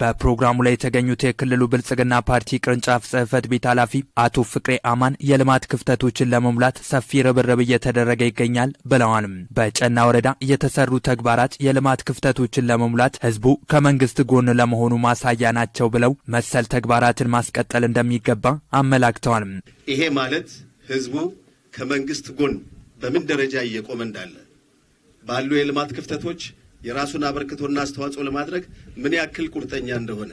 በፕሮግራሙ ላይ የተገኙት የክልሉ ብልጽግና ፓርቲ ቅርንጫፍ ጽህፈት ቤት ኃላፊ አቶ ፍቅሬ አማን የልማት ክፍተቶችን ለመሙላት ሰፊ ርብርብ እየተደረገ ይገኛል ብለዋል። በጨና ወረዳ የተሰሩ ተግባራት የልማት ክፍተቶችን ለመሙላት ህዝቡ ከመንግስት ጎን ለመሆኑ ማሳያ ናቸው ብለው መሰል ተግባራትን ማስቀጠል እንደሚገባ አመላክተዋል። ይሄ ማለት ህዝቡ ከመንግስት ጎን በምን ደረጃ እየቆመ እንዳለ ባሉ የልማት ክፍተቶች የራሱን አበርክቶና አስተዋጽኦ ለማድረግ ምን ያክል ቁርጠኛ እንደሆነ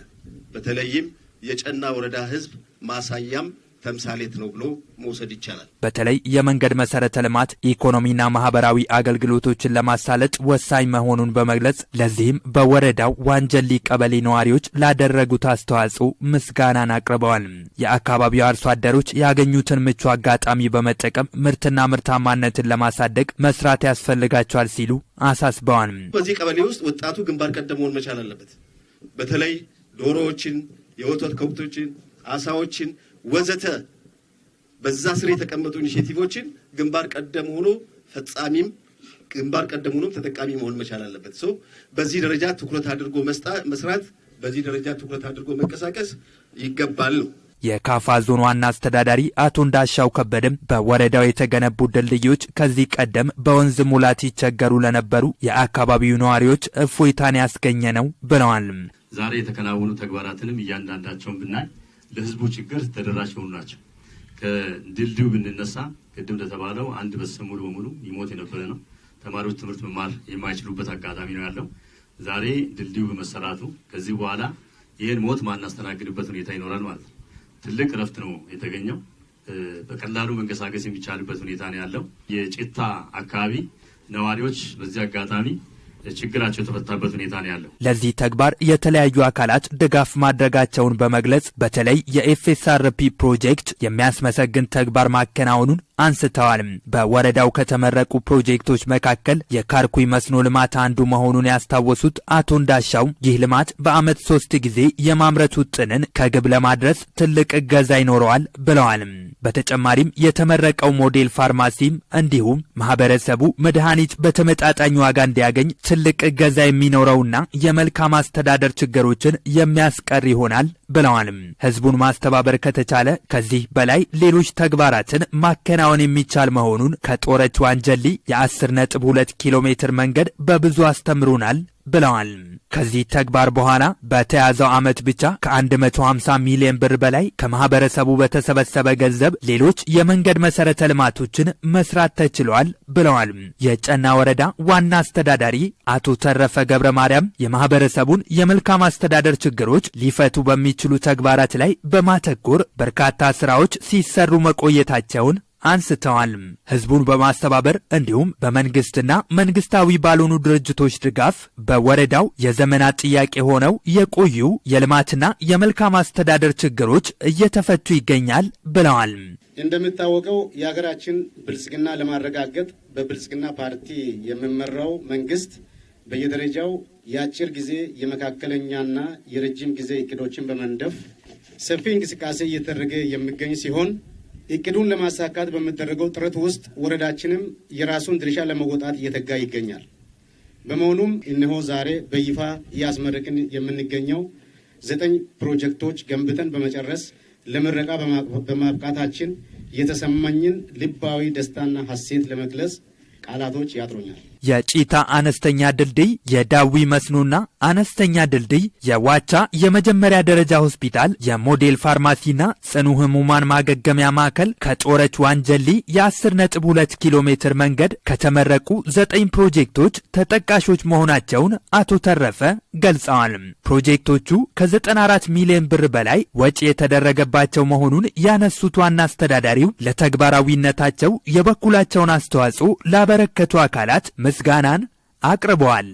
በተለይም የጨና ወረዳ ህዝብ ማሳያም ተምሳሌት ነው ብሎ መውሰድ ይቻላል። በተለይ የመንገድ መሰረተ ልማት ኢኮኖሚና ማህበራዊ አገልግሎቶችን ለማሳለጥ ወሳኝ መሆኑን በመግለጽ ለዚህም በወረዳው ዋንጀሊ ቀበሌ ነዋሪዎች ላደረጉት አስተዋጽኦ ምስጋናን አቅርበዋል። የአካባቢው አርሶ አደሮች ያገኙትን ምቹ አጋጣሚ በመጠቀም ምርትና ምርታማነትን ለማሳደግ መስራት ያስፈልጋቸዋል ሲሉ አሳስበዋል። በዚህ ቀበሌ ውስጥ ወጣቱ ግንባር ቀደም መሆን መቻል አለበት። በተለይ ዶሮዎችን፣ የወተት ከብቶችን፣ አሳዎችን ወዘተ በዛ ስር የተቀመጡ ኢኒሼቲቮችን ግንባር ቀደም ሆኖ ፈጻሚም ግንባር ቀደም ሆኖም ተጠቃሚ መሆን መቻል አለበት። ሰው በዚህ ደረጃ ትኩረት አድርጎ መስራት፣ በዚህ ደረጃ ትኩረት አድርጎ መንቀሳቀስ ይገባል ነው። የካፋ ዞን ዋና አስተዳዳሪ አቶ እንዳሻው ከበደም በወረዳው የተገነቡ ድልድዮች ከዚህ ቀደም በወንዝ ሙላት ይቸገሩ ለነበሩ የአካባቢው ነዋሪዎች እፎይታን ያስገኘ ነው ብለዋል። ዛሬ የተከናወኑ ተግባራትንም እያንዳንዳቸውን ብናይ ለህዝቡ ችግር ተደራሽ የሆኑ ናቸው። ከድልድዩ ብንነሳ ቅድም እንደተባለው አንድ ቤተሰብ ሙሉ በሙሉ ይሞት የነበረ ነው። ተማሪዎች ትምህርት መማር የማይችሉበት አጋጣሚ ነው ያለው። ዛሬ ድልድዩ በመሰራቱ ከዚህ በኋላ ይህን ሞት ማናስተናግድበት ሁኔታ ይኖራል ማለት ነው። ትልቅ እረፍት ነው የተገኘው። በቀላሉ መንቀሳቀስ የሚቻልበት ሁኔታ ነው ያለው። የጭታ አካባቢ ነዋሪዎች በዚህ አጋጣሚ ችግራቸው የተፈታበት ሁኔታ ነው ያለው። ለዚህ ተግባር የተለያዩ አካላት ድጋፍ ማድረጋቸውን በመግለጽ በተለይ የኤፍኤስአርፒ ፕሮጀክት የሚያስመሰግን ተግባር ማከናወኑን አንስተዋል። በወረዳው ከተመረቁ ፕሮጀክቶች መካከል የካርኩይ መስኖ ልማት አንዱ መሆኑን ያስታወሱት አቶ እንዳሻው ይህ ልማት በዓመት ሶስት ጊዜ የማምረት ውጥንን ከግብ ለማድረስ ትልቅ እገዛ ይኖረዋል ብለዋል። በተጨማሪም የተመረቀው ሞዴል ፋርማሲም እንዲሁም ማህበረሰቡ መድኃኒት በተመጣጣኝ ዋጋ እንዲያገኝ ትልቅ እገዛ የሚኖረውና የመልካም አስተዳደር ችግሮችን የሚያስቀር ይሆናል ብለዋልም። ህዝቡን ማስተባበር ከተቻለ ከዚህ በላይ ሌሎች ተግባራትን ማከናወን የሚቻል መሆኑን ከጦረች ዋንጀሊ የ10.2 ኪሎ ሜትር መንገድ በብዙ አስተምሩናል ብለዋል። ከዚህ ተግባር በኋላ በተያዘው ዓመት ብቻ ከ150 ሚሊዮን ብር በላይ ከማህበረሰቡ በተሰበሰበ ገንዘብ ሌሎች የመንገድ መሰረተ ልማቶችን መስራት ተችሏል ብለዋል። የጨና ወረዳ ዋና አስተዳዳሪ አቶ ተረፈ ገብረ ማርያም የማህበረሰቡን የመልካም አስተዳደር ችግሮች ሊፈቱ በሚችሉ ተግባራት ላይ በማተኮር በርካታ ስራዎች ሲሰሩ መቆየታቸውን አንስተዋል። ህዝቡን በማስተባበር እንዲሁም በመንግስትና መንግስታዊ ባልሆኑ ድርጅቶች ድጋፍ በወረዳው የዘመናት ጥያቄ ሆነው የቆዩ የልማትና የመልካም አስተዳደር ችግሮች እየተፈቱ ይገኛል ብለዋል። እንደሚታወቀው የሀገራችን ብልጽግና ለማረጋገጥ በብልጽግና ፓርቲ የሚመራው መንግስት በየደረጃው የአጭር ጊዜ የመካከለኛና የረጅም ጊዜ እቅዶችን በመንደፍ ሰፊ እንቅስቃሴ እየተደረገ የሚገኝ ሲሆን እቅዱን ለማሳካት በሚደረገው ጥረት ውስጥ ወረዳችንም የራሱን ድርሻ ለመወጣት እየተጋ ይገኛል። በመሆኑም እነሆ ዛሬ በይፋ እያስመረቅን የምንገኘው ዘጠኝ ፕሮጀክቶች ገንብተን በመጨረስ ለምረቃ በማብቃታችን የተሰማኝን ልባዊ ደስታና ሀሴት ለመግለጽ ቃላቶች ያጥሩኛል። የጪታ አነስተኛ ድልድይ፣ የዳዊ መስኖና አነስተኛ ድልድይ፣ የዋቻ የመጀመሪያ ደረጃ ሆስፒታል፣ የሞዴል ፋርማሲና ጽኑ ህሙማን ማገገሚያ ማዕከል ከጮረች ዋንጀሊ የ10.2 ኪሎ ሜትር መንገድ ከተመረቁ ዘጠኝ ፕሮጀክቶች ተጠቃሾች መሆናቸውን አቶ ተረፈ ገልጸዋል። ፕሮጀክቶቹ ከ94 ሚሊዮን ብር በላይ ወጪ የተደረገባቸው መሆኑን ያነሱት ዋና አስተዳዳሪው ለተግባራዊነታቸው የበኩላቸውን አስተዋጽኦ ላበረከቱ አካላት ምስጋናን አቅርበዋል።